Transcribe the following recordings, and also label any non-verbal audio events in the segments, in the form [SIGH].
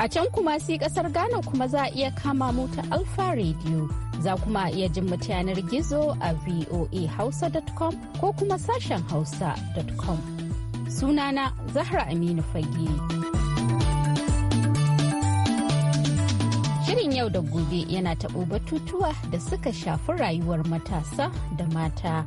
A can kuma si kasar Ghana kuma za a iya kama mota ta Alfa Radio. Za kuma iya jin yanar gizo a voahausa.com ko kuma sashen hausa.com. Sunana Zahra Aminu Fage. Shirin yau da gobe yana taɓo batutuwa da suka shafi rayuwar matasa da mata.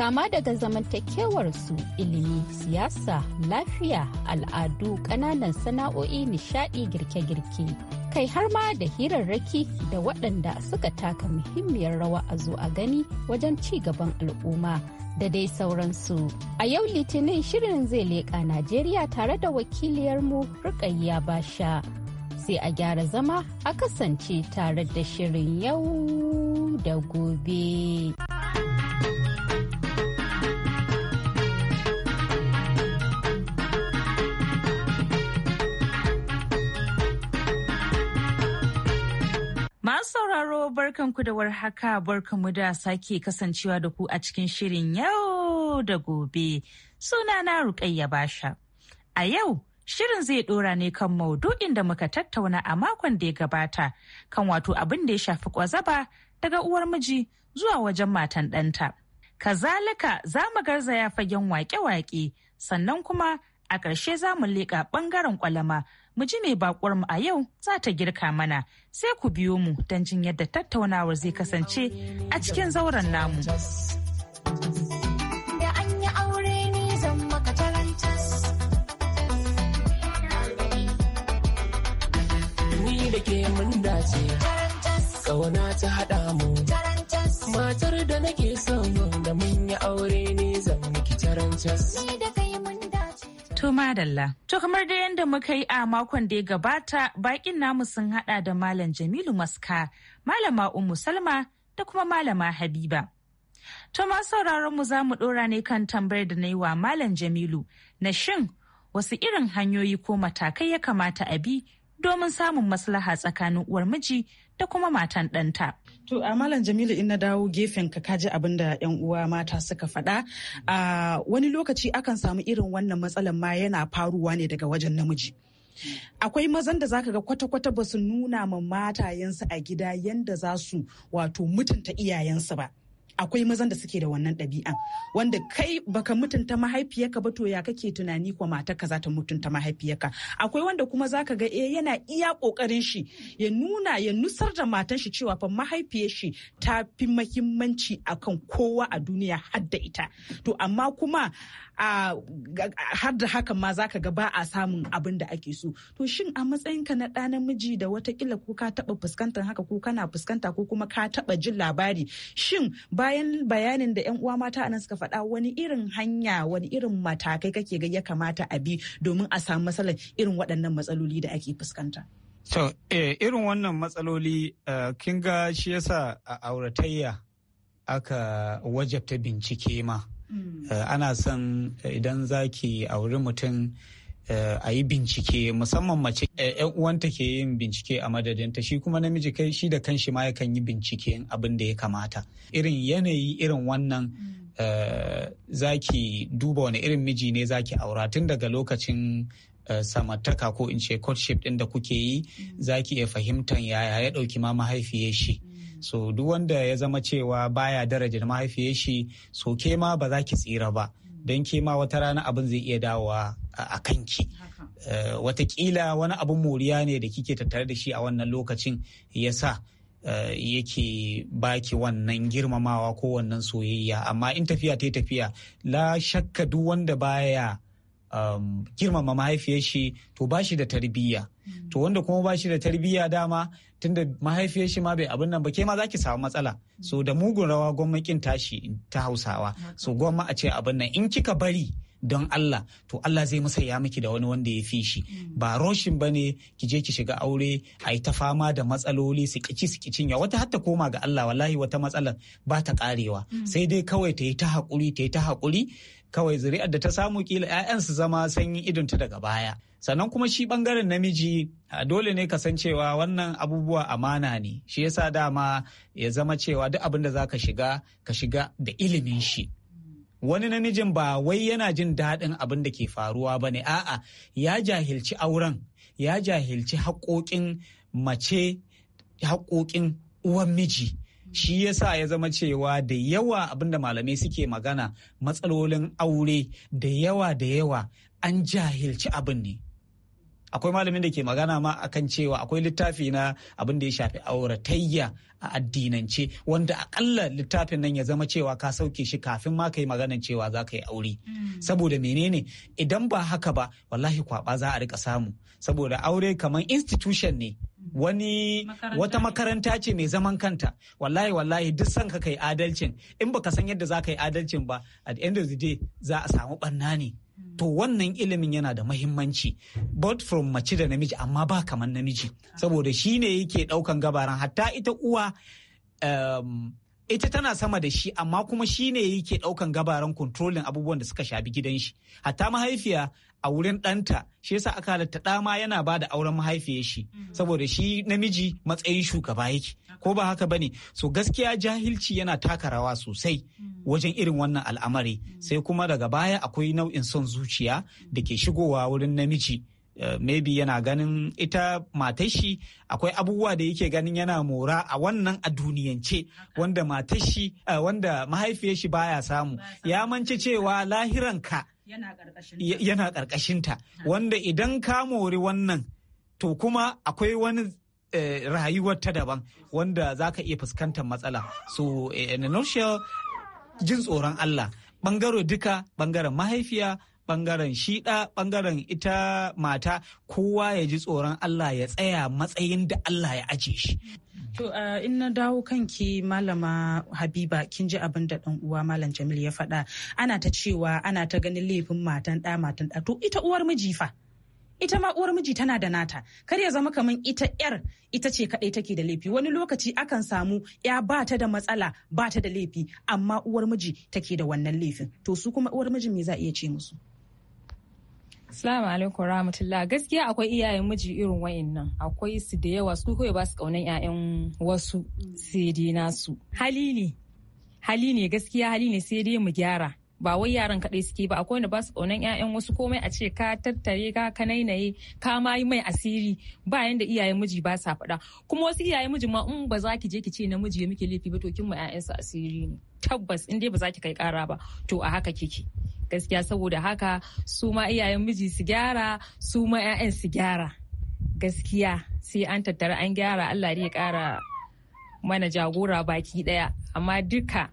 kama daga zamantakewar su ilimi siyasa lafiya al'adu ƙananan sana'o'i nishaɗi girke-girke kai har ma da hirarraki da waɗanda suka taka muhimmiyar rawa a zo a gani wajen ci gaban al'umma da dai sauransu. A yau litinin shirin zai leƙa Najeriya tare da wakiliyarmu Rukayya Basha. Sai a gyara zama a kasance tare da shirin yau da gobe. barkanku da warhaka barkanmu da sake kasancewa da ku a cikin shirin yau da gobe. suna Sunana Rukayya Basha. A yau shirin zai dora ne kan maudu'in da muka tattauna a makon da ya gabata kan wato abin da ya shafi kwazaba daga uwar miji zuwa wajen matan ɗanta. Kazalika za mu garzaya fagen wake-wake sannan kuma a ƙarshe za mu leƙa ɓangaren ƙwalama. mu ji mai bakwar mu a yau za ta girka mana sai ku biyo mu don jin yadda tattaunawar zai kasance a cikin zauren namu. Ni da ke haɗa mu, matar da nake so. dalla. To kamar da yadda muka yi a makon da ya gabata bakin namu sun hada da Malam Jamilu Maska, Malama Umu Salma da kuma Malama Habiba. To masu sauraron mu za mu dora ne kan tambayar da na yi wa Malam Jamilu na shin wasu irin hanyoyi ko matakai ya kamata a bi domin samun maslaha tsakanin uwar miji da kuma matan ɗanta. To a Malam Jamilu in na dawo gefen ka kaji abin da 'yan uwa mata suka faɗa. A wani lokaci akan samu irin wannan matsalar ma yana faruwa ne daga wajen namiji. akwai mazan da zaka ga kwata-kwata ba su nuna ma matayensu a gida yanda za su wato mutunta iyayensu ba akwai mazan da suke da wannan ɗabi'an wanda kai baka mutunta mahaifiyarka ba to ya kake tunani ko matarka za ta mutunta mahaifiyarka akwai wanda kuma zaka ga eh yana iya kokarin shi ya nuna ya nusar da matan shi cewa fa mahaifiyar shi ta fi muhimmanci akan kowa a duniya har da ita to amma kuma har da haka ma zaka ga ba a samun abin da ake so to shin a matsayinka na ɗa namiji da watakila ko ka taɓa fuskantar haka ko kana fuskanta ko kuma ka taɓa jin labari shin bayan bayanin da 'yan uwa mata anan suka faɗa wani irin hanya wani irin matakai kake ga ya kamata a bi domin a samu matsalar irin waɗannan matsaloli da ake fuskanta To, eh, irin wannan matsaloli uh, kin shi yasa a auratayya aka wajabta bincike ma. Mm. Eh, ana son eh, idan zaki auri mutum eh, a yi bincike musamman mace yan uwanta ke yin bincike a madadinta shi kuma namiji kai shi da kanshi ma yakan yi bincike abin da ya kamata irin yanayi irin wannan mm. zaki duba wani irin miji ne zaki aura tun daga lokacin samartaka ko in ce courtship din da kuke yi mm. zaki za ki iya fahimtan yaya ya ɗauki ma mahaifiyar shi so duk wanda ya zama cewa baya daraja mahaifiyar shi so ke ma ba za ki tsira ba don ke ma wata rana abin zai iya dawowa a kanki eh, watakila wani abin moriya ne da kike tattare da shi a wannan lokacin ya sa eh, yake baki wannan girmamawa ko wannan soyayya amma in tafiya ta tafiya la shakka duk wanda baya um, girmama mahaifiyar shi to ba shi da tarbiyya to mm. wanda kuma ba shi da tarbiyya dama tunda mahaifiyar shi ma bai abin nan ba ke ma za ki samu matsala so da mugun rawa gwamnatin tashi ta hausawa so gwamma a ce abin nan in kika bari don Allah to Allah zai musaya miki da wani wanda ya fi shi mm. ba roshin ba ne ki je ki shiga aure a yi ta fama da matsaloli su kici su kicin ya wata hatta koma ga Allah wallahi wata matsalar ba ta karewa mm. sai dai kawai ta yi ta hakuri ta yi ta hakuri kawai zuri'ar da ta samu kila 'ya'yan su zama idon ta daga baya sannan kuma shi bangaren namiji dole ne kasancewa wannan abubuwa amana ne shi yasa dama ya zama cewa duk abin da zaka shiga ka shiga da ilimin shi wani namijin ba wai yana jin daɗin abin da ke faruwa ba ne a'a ya jahilci auren ya jahilci haƙoƙin mace haƙoƙin uwan miji shi ya sa ya zama cewa da yawa abinda malamai suke magana matsalolin aure da yawa da yawa an jahilci abin ne akwai malamin da ke magana ma akan cewa akwai littafi na abin da ya shafi auratayya a addinance wanda akalla littafin nan ya zama cewa ka sauke shi kafin ma ka yi maganan cewa za ka yi aure hmm. saboda menene idan ba haka ba wallahi kwaba za a rika samu saboda aure kamar institution ne wani wata makaranta ce mai zaman kanta wallahi wallahi duk san ka kai adalcin in baka san yadda za ka yi adalcin ba at the end of the day za a samu barna ne to wannan ilimin yana da mahimmanci both from mace da namiji amma ba kamar namiji saboda shi ne yake daukan gabaran hatta ita uwa um, ita tana sama da shi amma kuma shi ne yake daukan gabaran kontrolin abubuwan da suka shafi gidan shi hatta mahaifiya a wurin ɗanta shi yasa aka halatta ɗa ma yana ba da auren mahaifiyar shi mhm. saboda shi namiji matsayin shugaba yake ko ba haka bane so gaskiya jahilci yana taka rawa sosai mhm. wajen irin wannan al'amari mhm. sai kuma daga baya akwai nau'in son zuciya da ke shigowa wurin namiji Eh, maybe yana ganin ita matashi akwai abubuwa da yake ganin yana mora a wannan a duniyance wanda matashi eh, wanda mahaifiyar shi baya samu ya manci cewa lahiranka yana ta wanda idan ka mori wannan to kuma akwai wani eh, rayuwarta ta daban wanda zaka iya fuskantar matsala so in a jin tsoron Allah bangaro duka bangaren mahaifiya bangaren shi da bangaren ita mata kowa ya ji tsoron Allah ya tsaya matsayin da Allah ya ajiye shi To in na dawo kanki malama Habiba kin ji abin da dan uwa malam Jamil ya faɗa ana ta cewa ana ta ganin laifin matan ɗa matan ɗa, to ita uwar miji fa ita ma uwar miji tana da nata kar ya zama kaman ita yar ita ce kadai take da laifi wani lokaci akan samu ya ba ta da matsala ba ta da laifi amma uwar miji take da wannan laifin to su kuma uwar miji me za iya ce musu Salamu alaikum rahmatullah gaskiya akwai iyayen miji irin nan akwai su da yawa su kawai ba su kaunan ƴaƴan wasu sai dai nasu hali ne ne gaskiya hali ne sai dai mu gyara ba wai yaran kaɗai suke ba akwai wanda ba su ƙaunan ƴaƴan wasu komai a ce ka tattare ka ka nainaye ka ma yi mai asiri ba yanda iyayen miji ba sa faɗa kuma wasu iyayen miji ma in ba za ki je ki ce namiji ya muke laifi ba to kin ma su asiri ne tabbas in dai ba za ki kai ƙara ba to a haka kike gaskiya saboda haka su ma iyayen miji su gyara su ma 'ya'yan su gyara gaskiya sai an tattara an gyara Allah ya ƙara mana jagora baki ɗaya amma duka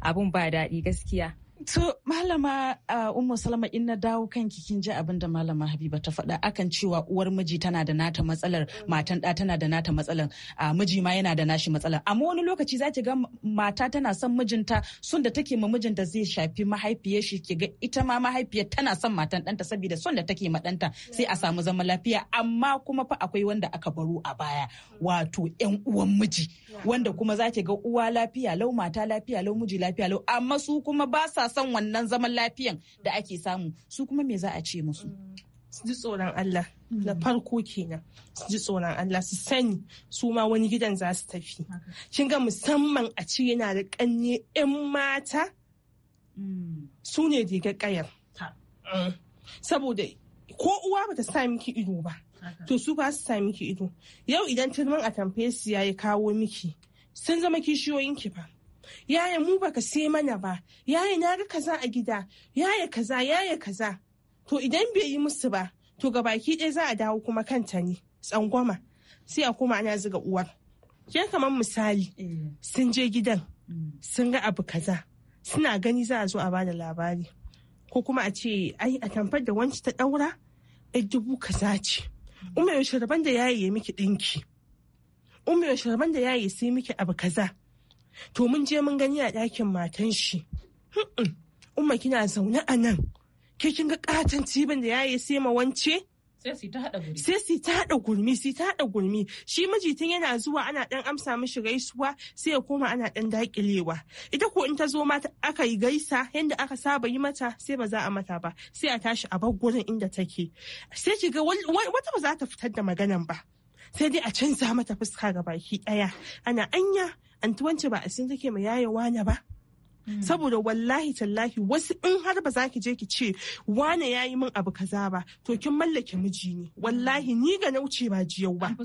abun ba daɗi gaskiya To malama uh, Ummu Salama in na dawo kanki kin ji abin da malama Habiba ta faɗa akan cewa uwar miji tana da nata matsalar mm. matan ɗa tana da nata matsalar uh, miji ma yana da nashi matsalar amma wani lokaci za ki ga mata tana son mijinta son da take ma mijinta zai shafi mahaifiyar shi ke ga ita ma mahaifiyar tana son matan ɗanta saboda son da take ma ɗanta sai a samu zaman lafiya amma kuma fa akwai wanda aka baro a baya mm. wato ƴan uwan miji wanda kuma za ki ga uwa lafiya lau mata lafiya lau miji lafiya lau amma su kuma ba sa son wannan zaman lafiyan da ake samu su kuma me za a ce musu su ji tsoron Allah mm. na farko kenan su ji tsoron Allah su sani su ma wani gidan za su tafi kin ga musamman a ce yana da kanye yan mata mm. su ne diga kayar mm. saboda ko uwa bata sa miki ido ba to su ba su sa miki ido yau idan turman a tamfe ya kawo miki sun zama kishiyoyin ki ba yaya mu baka sai mana ba yaya na ga kaza a gida yaya kaza yaya kaza to idan bai yi musu ba to ga baki ɗaya za a dawo kuma kanta ne tsangwama sai a koma ana zuga uwar ke kamar misali eh. sun je gidan mm. sun ga abu kaza suna gani za a zo a bada labari ko kuma a ce ai a tamfar da wanci ta daura ai dubu kaza ce umar yaushe da yayi ya miki dinki umar yaushe da yayi sai miki abu kaza to mun je mun gani a ɗakin matan shi umma kina zaune a nan ke kin ga katon tibin da yayi sai ma wance sai su ta haɗa gurmi sai ta haɗa gurmi shi tun yana zuwa ana ɗan amsa mishi gaisuwa sai ya koma ana ɗan daƙilewa ita ko in ta zo mata aka yi gaisa yadda aka saba yi mata sai ba za a mata ba sai a tashi a bar gurin inda take sai ki ga wata ba za ta fitar da maganan ba sai dai a canza mata fuska ga baki ɗaya ana anya antuwanci ba a san take mai yaya wane ba hmm. saboda wallahi tallahi wasu in har ba za ki je ki ce wane ya yi min abu kaza ba to kin mallake miji ne wallahi ni ga na wuce ba jiyau ba an fi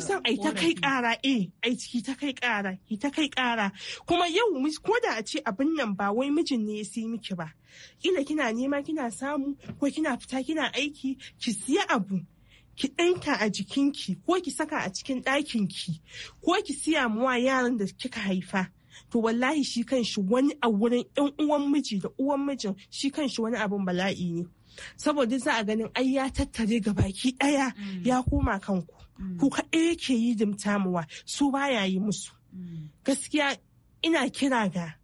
son ai ta kai kara eh ai ki ta kai kara ki eh, ta kai kara kuma yau ko da a ce abin nan ba wai mijin ne ya si miki ba kila kina nema kina samu ko kina fita kina aiki ki siya abu ki ɗinka a jikinki ko ki saka a cikin ɗakinki ko ki siya muwa yaran da kika haifa to wallahi shi kan shi wani a wurin yan uwan miji da uwan mijin shi kan shi wani abin bala'i ne saboda za a ganin ai ya tattare ga baki ɗaya mm. ya koma kanku mm. ku kaɗai yake yi dimtamuwa su baya yi musu mm. gaskiya ina kira ga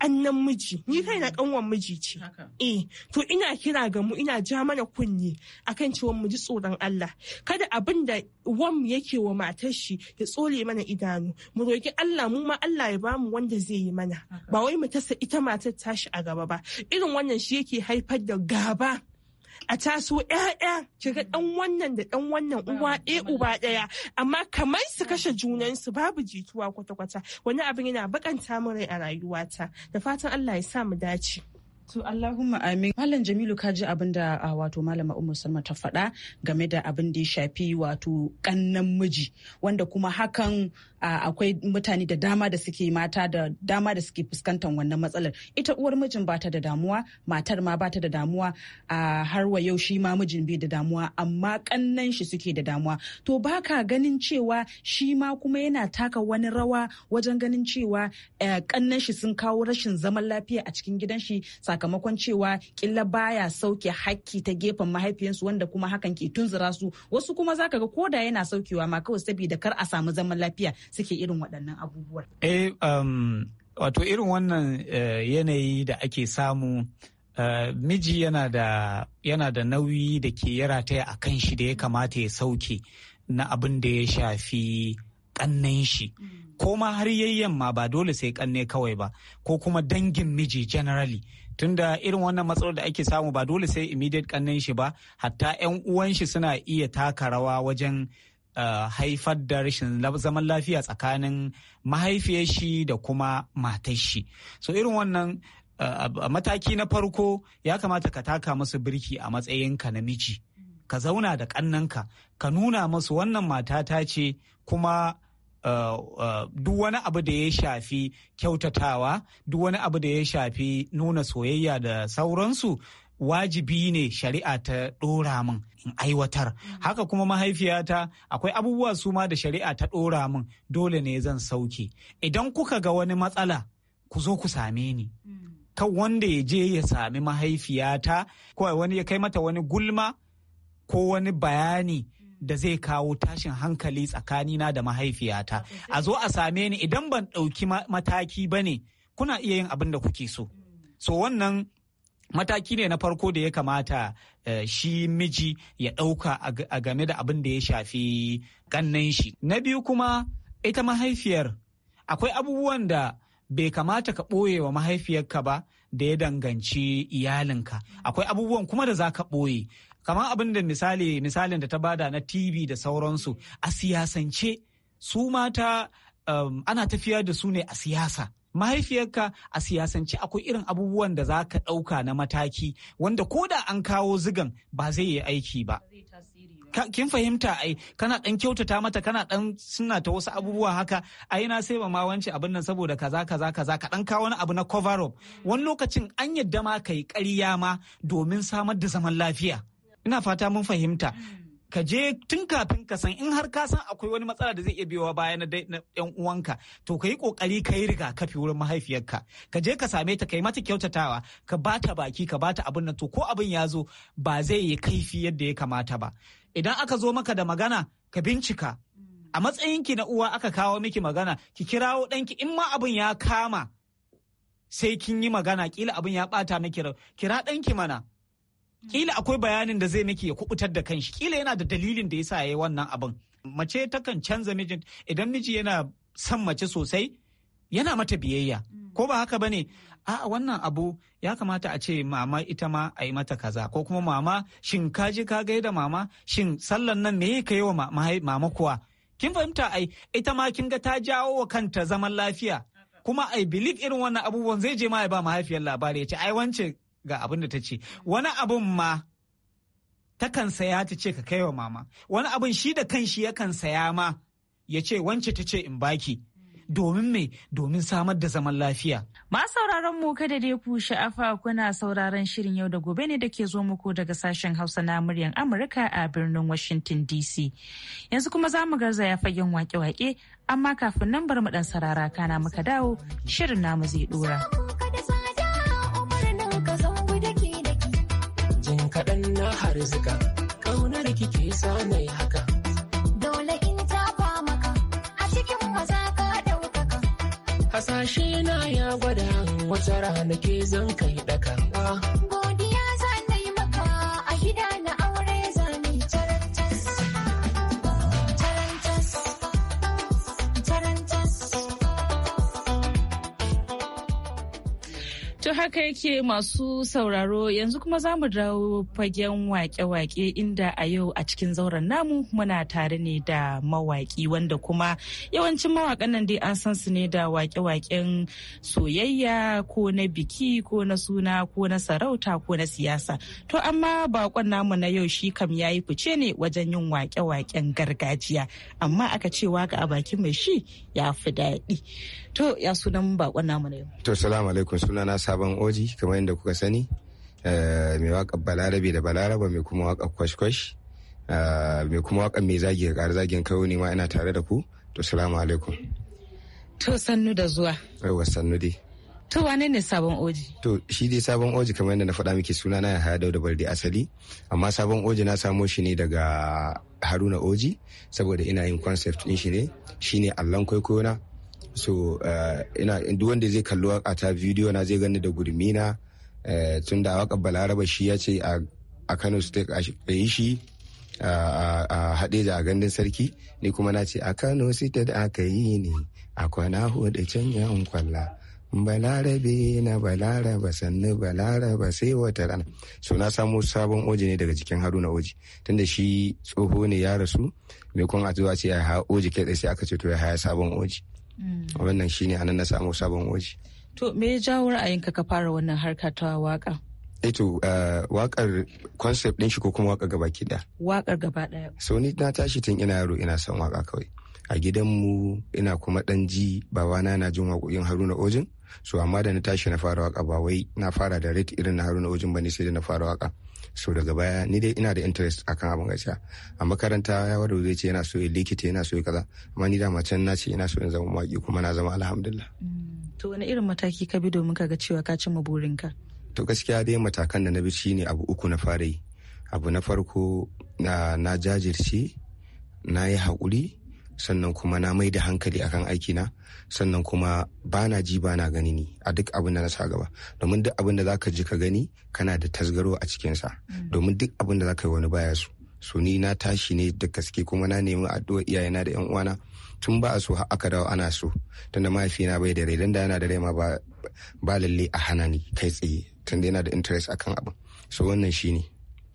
kannan miji ni mm. kai na kanwan miji ce eh to ina kira ga mu ina ja mana kunni akan cewa mu ji tsoron Allah kada abin da wam yake wa matar shi ya tsole mana idanu mu roki Allah mu ma Allah ya bamu wanda zai yi mana ba wai mu tasa ita matar tashi a gaba ba irin wannan shi yake haifar da gaba a taso ƴaƴa kiga dan wannan da dan wannan uwa e uba ɗaya amma kamar su kashe junansu babu jituwa kwata-kwata wani abin yana bakanta min rai a rayuwata da fatan Allah ya sa mu dace. To Allahumma amin. Malam Jamilu ka ji abin ah, wato malama Ummu Salma ta faɗa game da abin da ya shafi wato kannan miji wanda kuma hakan ah, akwai mutane da dama da suke mata da dama da suke fuskantar wannan matsalar. Ita uwar mijin ba ta da damuwa, matar ma ba ta da damuwa, ah, har wa yau shi ma mijin bai da damuwa, amma kannan shi suke da damuwa. To baka ganin cewa shi ma kuma yana taka wani rawa wajen ganin cewa kannan eh, shi sun kawo rashin zaman lafiya a cikin gidan shi sakamakon cewa killa baya sauke hakki ta gefen mahaifiyansu wanda kuma hakan ke tunzura su wasu kuma zaka ga koda yana saukewa ma kawai saboda kar a samu zaman lafiya suke irin waɗannan abubuwan. Eh, um, wato irin wannan eh, yanayi da ake samu eh, miji yana da, nauyi da ke ya rataya a kan shi da ya kamata ya sauke na abin da ya shafi kannan shi mm. ko ma har yayyan ma ba dole sai kanne kawai ba ko kuma dangin miji generally tunda irin wannan matsalar da ake samu ba dole sai immediate kannin shi ba hatta 'yan uwan shi suna iya taka rawa wajen eh, haifar da rashin zaman lafiya tsakanin mahaifiyar shi da kuma matar shi so irin wannan eh, mataki na farko ya kamata ka taka musu birki a matsayinka na miji ka zauna da kannanka ka nuna musu wannan matata ce kuma Eh, eh, duk wani abu da ya shafi kyautatawa duk wani abu da ya shafi nuna soyayya da sauransu wajibi ne shari'a ta ɗora min in aiwatar mm. haka kuma mahaifiyata akwai abubuwa su ma da shari'a ta ɗora min dole ne zan sauke idan kuka ga wani matsala ku zo ku same ni mm. kan wanda ya je ya sami mahaifiyata ko wani ya kai mata wani gulma ko wani bayani da zai kawo tashin hankali tsakanina da mahaifiyata a zo a same ni idan ban ɗauki mataki ba ne kuna iya yin abin da kuke so so wannan mataki ne na farko da ya kamata eh, shi miji ya ɗauka a game da abin da ya shafi ƙannan shi na biyu kuma ita mahaifiyar akwai abubuwan da bai kamata ka ɓoye wa mahaifiyarka ba da ya danganci iyalinka akwai abubuwan kuma da za ka ɓoye kamar abin da misali misalin da ta bada na TV da sauransu a siyasance su mata um, ana tafiya da su ne a siyasa. mahaifiyarka a siyasance akwai irin abubuwan da za ka ɗauka na mataki wanda ko da an kawo zigan ba zai yi aiki ba. Kin fahimta ai kana dan kyautata mata kana dan suna ta wasu abubuwa haka ai na sai ma wance abin nan saboda kaza kaza kaza ka ɗan kawo wani abu na cover up mm. wani lokacin an yadda ma ka yi ƙarya ma domin samar da zaman lafiya. ina fata mun fahimta hmm. ka je tun kafin ka san in har ka san akwai wani matsala da zai iya biyowa baya na yan uwanka to ka yi kokari ka yi riga kafi wurin mahaifiyarka ka je ka same ta ka yi mata kyautatawa ka ba ta baki ka ba ta abin nan to ko abin ya zo ba zai yi kaifi yadda ya kamata ba idan aka zo maka da magana ka bincika hmm. a matsayinki na uwa aka kawo miki magana ki kirawo ɗanki in ma abin ya kama sai kin yi magana kila abin ya bata miki kira ɗanki mana kila akwai bayanin da zai miki ya kubutar da kanshi kila yana da dalilin da yasa yayi wannan abin mace takan canza mijin idan miji yana son mace sosai yana mata biyayya mm. ko ba haka bane a wannan abu ya kamata a ce mama ita ma a yi mata kaza ko kuma mama shin ka je ka gaida mama shin sallan nan me ka yi wa mama kuwa kin fahimta ai ita ma kin ga ta jawo wa kanta zaman lafiya kuma ai, bilik irin wannan abubuwan zai je ma ya ba mahaifiyar labari ya ce ai wance ga abin da ta ce wani abin ma takan saya ta ce ka kai wa mama wani abin shi da kanshi yakan saya ma ya ce wance ta ce in baki domin me domin samar da zaman lafiya. Ma sauraron mu kada dai ku sha'afa kuna sauraron shirin yau da gobe ne da ke zo muku daga sashen Hausa na muryan Amurka a birnin Washington DC. Yanzu kuma za mu garzaya fagen wake-wake amma kafin nan bar mu dan sarara kana muka dawo shirin namu zai dora. rizika ƙaunar kike sa mai haka dole in tafa maka a cikin maza ka ɗaukaka hasashe na ya gwada wata rana ke zan kai ɗaka To haka yake masu sauraro yanzu kuma za mu dawo fagen wake-wake inda a yau a cikin zauren namu muna tare ne da mawaki wanda kuma yawancin mawakan nan dai an san su ne da wake-waken soyayya ko na biki ko na suna ko na sarauta ko na siyasa. To amma bakon namu na yau shi kam ya yi fice ne wajen yin wake-waken gargajiya amma aka ce waka a bakin mai shi ya fi daɗi. To ya sunan bakon namu na yau. To salamu alaikum sunana sabon oji kamar yadda kuka sani eh, mai waka balarabe da balaraba mai kuma waka kwashkwash eh, mai kuma waka mai zagi da kare zagin kawo ne ma ina tare da ku to salamu alaikum to sannu da zuwa yawa sannu dai To wane ne sabon oji? To shi dai sabon oji kamar yadda na faɗa miki suna na Yahaya Dauda baldi asali amma sabon oji na samo shi ne daga Haruna Oji saboda ina yin concept din shi ne shine allon kwaikwayo na so eh, ina duk wanda zai kalli waka ta bidiyo na zai gani da gurmi na eh, tun da waka balaraba shi ya ce a kano state a yi shi a haɗe da gandun sarki ni kuma na ce a kano state aka yi ne a kwana hudu can yawon kwalla balarabe na balaraba sannu balaraba sai wata rana so na samo sabon oji ne daga cikin haruna oji tunda shi tsoho ne ya rasu mai kuma a ce ya oji kai sai aka ce to ya haya sabon oji Mm. wannan shine anan na samu sabon waje to me ya jawo ra'ayinka ka fara wannan harka ta waka eto eh eh, wakar concept din shi ko kuma wakar gaba ɗaya wakar gaba ɗaya so ni na tashi tun ina yaro ina son waka kawai a gidan mu ina kuma ɗan ji babana na jin waƙoƙin haruna ojin so amma da na tashi na fara waka ba wai na fara da rate irin na haruna ojin bane sai da na fara waka so daga baya ni dai ina da interest akan abin gaskiya a makaranta ya wadda zai ce yana so ya likita yana so ya kaza amma ni da can na ce ina so in zama mawaki kuma na zama alhamdulillah mm. to wani irin mataki ka bi domin ka ga cewa ka cimma burinka to gaskiya dai matakan da na bi shine abu uku na fara yi abu na farko na jajirce na yi haƙuri sannan kuma na mai da hankali akan aiki na sannan kuma ba na ji ba na gani ni a duk abin da na sa gaba domin duk abin da za ka ji ka gani kana da tasgaro a cikinsa mm. domin duk abin da za ka yi wani baya su su ni na tashi ne da gaske kuma na nemi addu'a iyayena da yan uwana tun ba a so har aka dawo ana so tunda mahaifina bai da rai dan da yana da rai ma ba ba lalle a hana ni kai tsaye tunda yana da interest akan abin so wannan shine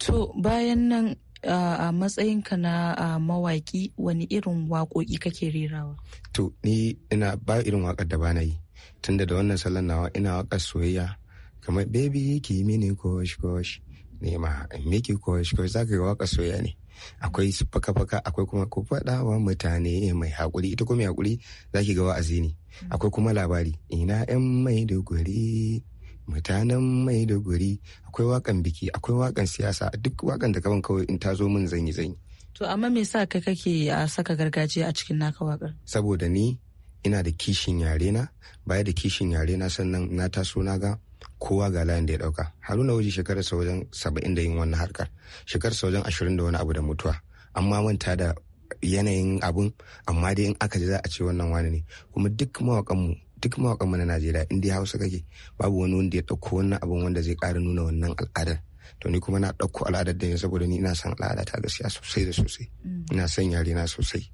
to bayan nan a matsayinka na mawaki wani irin waƙoƙi kake rerawa? To ni ina ba irin waƙar da ba na yi tunda da wannan salon nawa ina waka soyayya kamar baby ki yi mini kosh kosh ne ma miki kosh kosh zaka ga waƙar soyayya ne akwai faka faka akwai kuma ku faɗa wa mutane mai haƙuri ita kuma mai haƙuri zaki ga wa'azi ne akwai kuma labari ina yan mai dogori mutanen maiduguri akwai wakan biki akwai wakan siyasa duk wakan da kaban kawai in ta zo min zanyi zanyi to amma me sa kai kake a saka gargajiya a cikin naka wakar saboda ni ina da kishin yare na baya da kishin yare na sannan na taso na ga kowa ga layin da ya dauka haruna waje shekarar sa wajen saba'in da yin wannan harkar shekarar sa wajen ashirin da wani abu da mutuwa amma manta da yanayin abun amma dai in aka ji za a ce wannan wani ne kuma duk mawakanmu duk mawakan mu na Najeriya in dai Hausa kake babu wani wanda ya ɗauko wannan abun wanda zai ƙara nuna wannan al'adar to ni kuma na ɗauko al'adar da ne saboda ni ina son al'ada ta gaskiya sosai da sosai mm. ina son yare na sosai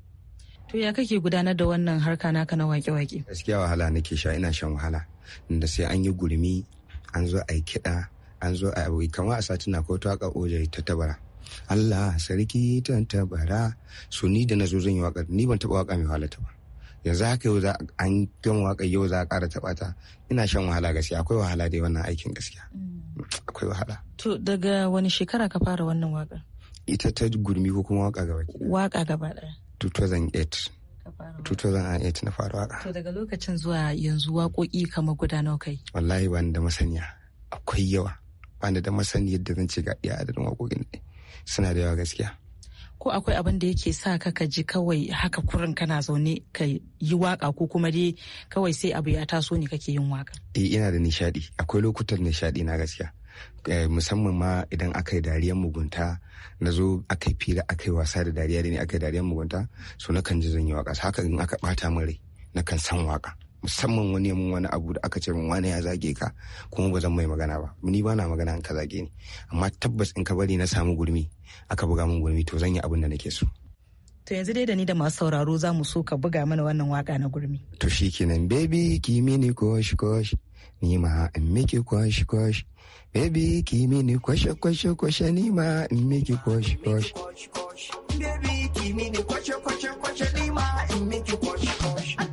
to ya kake gudanar da wannan harka naka na wake-wake gaskiya wahala nake sha ina shan wahala inda sai an yi gurmi an zo a yi kiɗa an zo a yi kamar a satina ko ta waka oje ta tabara Allah sarki ta tabara su ni da na zan yi waƙar ni ban taɓa waƙa mai wahala ta ba yanzu haka yau za an gama waka yau za a ƙara taɓa ta ina shan wahala gaskiya akwai wahala dai wannan aikin gaskiya mm. akwai wahala to daga wani shekara ka fara wannan waka ita ta gurmi ko kuma waka gaba waka gaba ɗaya 2008 2008 na fara waka to daga lokacin zuwa yanzu waƙoƙi kamar guda nawa kai wallahi bani da masaniya akwai yawa bani da masani yadda zan ce ga iya adadin waƙoƙin suna da yawa gaskiya ko akwai abin da yake sa ka ka ji kawai haka kurin kana zaune ka yi waka ko kuma dai kawai sai abu ya taso ne kake yin waka eh ina da nishadi akwai lokutan nishadi na gaskiya eh, musamman ma idan aka yi dariyar mugunta na zo aka yi fira aka yi wasa da dariya da ne aka yi dariyar mugunta so na kan ji zan yi waka haka in aka bata min rai na kan san waka musamman wani mun wani abu da aka ce min wani ya zage ka kuma ba zan mai magana ba ni ba na magana in ka zage ni amma tabbas in ka bari na samu gurmi aka buga min gurmi to zan yi abin da nake so to yanzu dai da ni da masu sauraro za mu so ka buga mana wannan waka na gurmi to shikenan baby ki mini kosh kosh ni ma in miki kosh kosh baby ki mini kwashe kwashe kwashe ni ma in miki kosh kosh baby ki mini kwashe kwashe kwashe ni ma in miki kosh kosh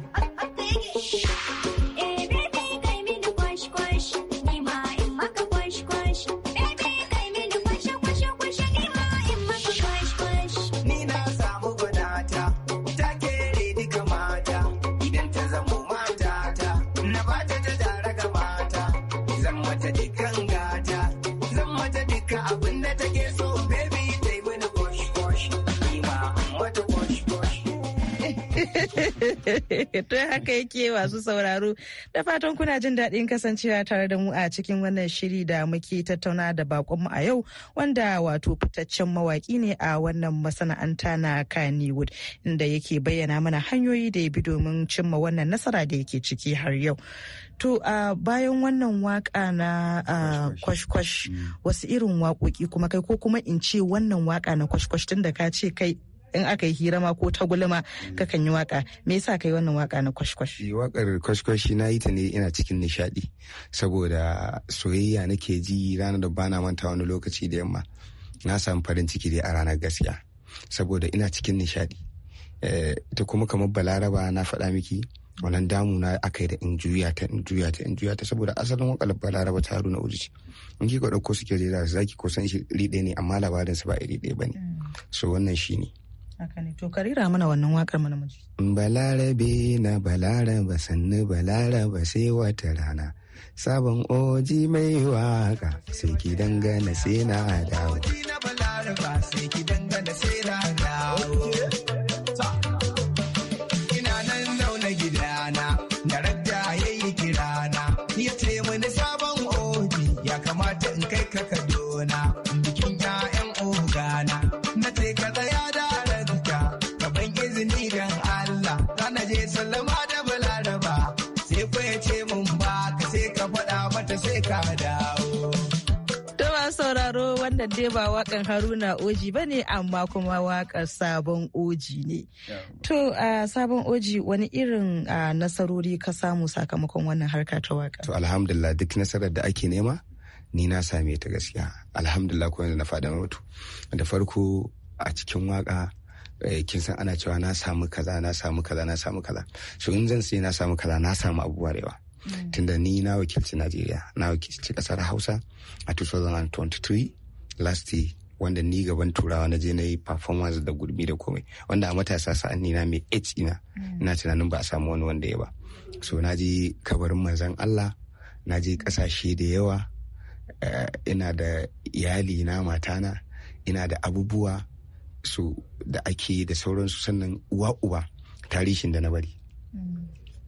[LAUGHS] To haka yake wasu sauraro da fatan kuna jin daɗin kasancewa tare da mu a cikin wannan shiri da muke tattauna da bakonmu a yau wanda wato fitaccen mawaki ne a wannan masana'anta na Kannywood inda yake bayyana mana hanyoyi da ya bi domin cimma wannan nasara da yake ciki har yau. To uh, bayan wannan waka na uh, kwashkwash mm. wasu irin waƙoƙi kuma kai ko kuma in ce wannan waka na kwashkwash tun da ka ce kai in aka yi hira ma ko tagulma kakan yi waka me yasa kai wannan waka na kwashkwash wakar kwashkwash na yi ta ne ina cikin nishadi saboda soyayya nake ji ranar da bana manta wani lokaci da yamma na samu farin ciki dai a ranar gaskiya saboda ina cikin nishadi ta eh, kuma kamar balaraba na faɗa miki wannan damuna aka yi da in juya ta in juya ta in juya ta saboda asalin wakar balaraba ta haruna uji in kika ɗauko suke zai za ki kusan shi iri ɗaya ne amma labarinsa ba iri ɗaya ba ne mm. so wannan shi ne haka ne to karira mana wannan wakar mana mu balarabe na balaraba sannu balaraba sai wata rana sabon oji mai waka sai ki dangana sai na dawo sai ki dangana sai na wannan dai ba wakan haruna oji ba ne amma kuma wakar sabon oji ne to sabon oji wani irin nasarori ka samu sakamakon wannan harka ta waka to alhamdulillah duk nasarar da ake nema ni na same ta gaskiya alhamdulillah ko yanzu na faɗa mutu da farko a cikin waka eh, kin san ana cewa na samu kaza na samu kaza na samu kaza so in zan sai na samu kaza na samu abubuwa da yawa mm. tunda ni na wakilci Najeriya na wakilci kasar Hausa a 2023 lasti wanda ni gaban turawa na je na yi performance da gurbi da komai wanda a matasa sa'an na mai h ina mm. ina tunanin ba a samu wani wanda ya ba so na je kabarin manzan Allah na je kasashe da yawa eh, ina da iyali na matana ina da abubuwa su da ake da sauransu sannan uwa uba tarihin da na bari mm.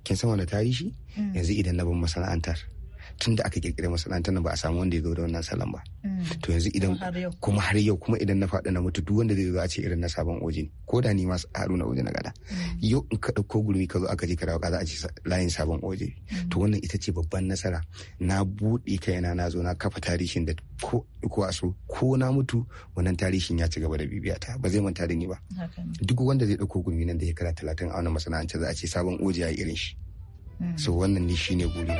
kin san wani tarihi mm. yanzu idan na bar masana'antar tun da aka kirkiri masana'antar nan ba a samu wanda ya zo da wannan salon ba mm. to yanzu idan kuma har yau kuma idan na faɗi na mutu duk wanda zai zo a ce irin na sabon oji ko da ni ma haruna oji na gada mm. yau in ka ɗauko gurmi ka zo aka je ka dawo kaza a ce layin sabon oji mm. to wannan ita ce babban nasara na buɗe kaina na zo na kafa tarihin da ko ko a so ko na mutu wannan tarihin ya ci gaba da bibiya ta ba zai manta da ni ba duk wanda zai ɗauko gurmi nan da ya kara talatin a wannan masana'antar za a ce sabon oji ya yi irin shi so wannan ne shine guri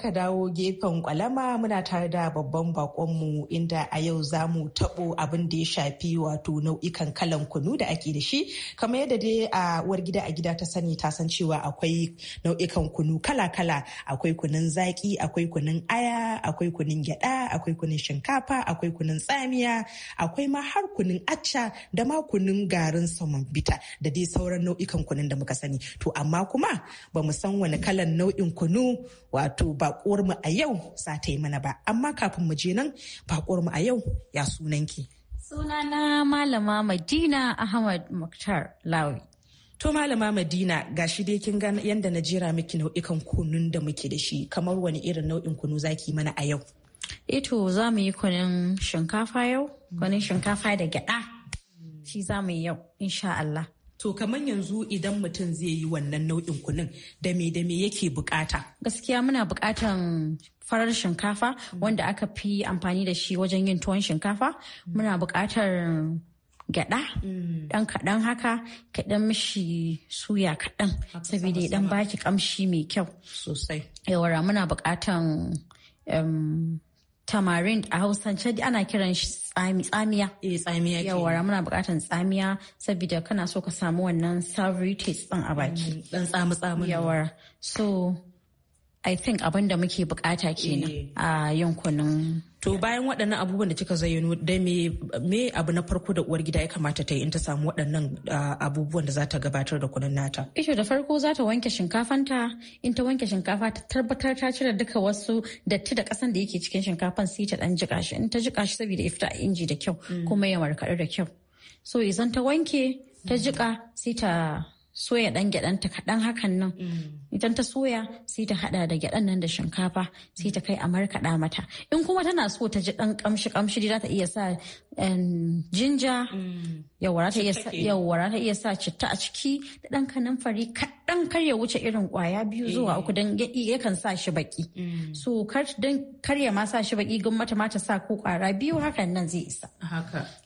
muka dawo gefen kwalama muna tare da babban bakonmu inda a yau za mu taɓo abin da ya shafi wato nau'ikan kalan kunu da ake da shi kamar yadda dai a uwar gida a gida ta sani ta san cewa akwai nau'ikan kunu kala-kala akwai kunun zaki akwai kunun aya akwai kunun gyada akwai kunun shinkafa akwai kunun tsamiya akwai ma har kunun acca da ma kunun garin saman bita da dai sauran nau'ikan kunun da muka sani to amma kuma ba mu san wani kalan nau'in kunu wato ba bakuwar mu a yau za ta yi mana ba amma kafin mu je nan bakuwar mu a yau ya sunanki sunana malama madina ahmad muktar lawi To Malama Madina ga shi dai kin gan yanda na jira miki nau'ikan kunun da muke da shi kamar wani irin nau'in kunu zaki mana a yau. Eto eh za mu yi kunun shinkafa yau, kunun shinkafa da gyada. Shi za mu yi yau insha Allah. to kamar yanzu idan mutum zai yi wannan nau'in kunun da me da me yake bukata gaskiya muna bukatan farar shinkafa wanda aka fi amfani da shi wajen yin tuwon shinkafa muna bukatar gyada dan mm. kaɗan haka kaɗan mishi suya kaɗan saboda dan baki kamshi mai kyau sosai yawara muna bukatan tamarind a hausance ana kiran shi tsamiya eh, tsamiya yawara muna bukatan tsamiya saboda kana so ka samu wannan savory taste din a baki dan tsamu tsamu yawara so I think abin da muke bukata kenan eh. a yankunan To bayan waɗannan abubuwan da kika zayyano da me abu na farko da uwar gida ya kamata ta yi in ta samu waɗannan abubuwan da za ta gabatar da kunan nata? Isho da farko za ta wanke shinkafanta in ta wanke shinkafa ta tabbatar ta cire duka wasu datti da kasan da yake cikin shinkafan sai ta dan jika shi in ta jika shi saboda ya fita a inji da kyau mm. kuma ya markaɗu da kyau. So idan ta wanke ta jika sai ta soya dan ɗan ta kaɗan hakan nan. Mm. idan ta soya sai ta hada da gyaɗan nan da shinkafa sai ta kai a markaɗa mata in kuma tana so ta ji ɗan kamshi kamshi da ta iya sa jinja mm. yawara ta iya sa citta a ciki da ɗan kanamfari kaɗan kar ya wuce irin kwaya biyu zuwa eh. uku don yakan sa shi baki mm. so don kar ya ma sa shi baki gun mata mata sa ko ƙwara biyu hakan nan zai isa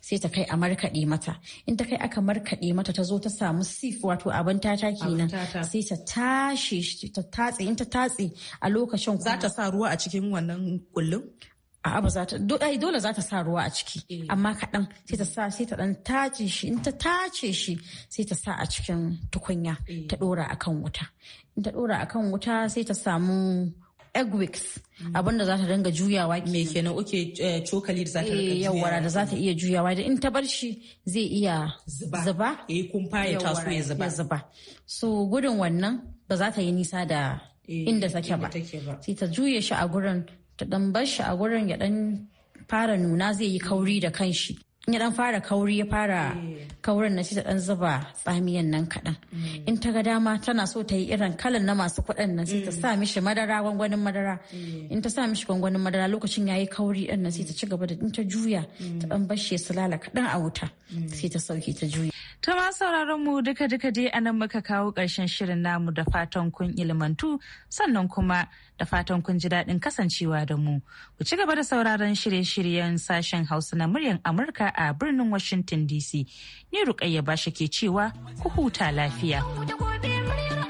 sai ta kai a markaɗe mata in ta kai aka markaɗe mata ta zo ta samu sif wato abin tata kenan sai ta tashi bushe shi ta tatse in ta tatse a lokacin za ta sa ruwa a cikin wannan kullum a'a ba za ta dole za ta sa ruwa a ciki eh. amma kaɗan sai ta sa sai ta dan tace shi in ta tace shi sai ta sa a cikin tukunya eh. ta dora akan wuta in ta dora akan wuta sai ta samu egg wicks mm. abinda za ta dinga juyawa me kenan oke eh, cokali da za ta dinga juyawa da za ta iya juyawa da in ta bar shi zai iya zuba eh kumfa ya taso ya zuba so gudun wannan ba za ta yi nisa da eh, inda take ba sai ta juye shi a gurin ta dan bar shi a gurin ya dan fara nuna zai yi kauri da kanshi ya dan fara kauri ya fara eh. kaurin na shi ta dan zuba tsamiyan nan kaɗan mm. in ta ga dama tana so ta yi irin kalan na masu kuɗin nan sai ta mm. sa mishi madara gwangwanin madara mm. in ta sa mishi gwangwanin madara lokacin ya yi kauri din nan sai ta ci gaba da in ta juya ta dan bar su lala kaɗan a wuta sai ta sauke ta juya ta ma sauraron mu duka duka dai anan muka kawo karshen shirin namu da fatan kun ilmantu sannan kuma da fatan kun ji daɗin kasancewa da mu. Ku ci gaba da sauraron shirye-shiryen sashen Hausa na muryar Amurka a birnin Washington DC. Ni ba shi ke cewa ku huta lafiya.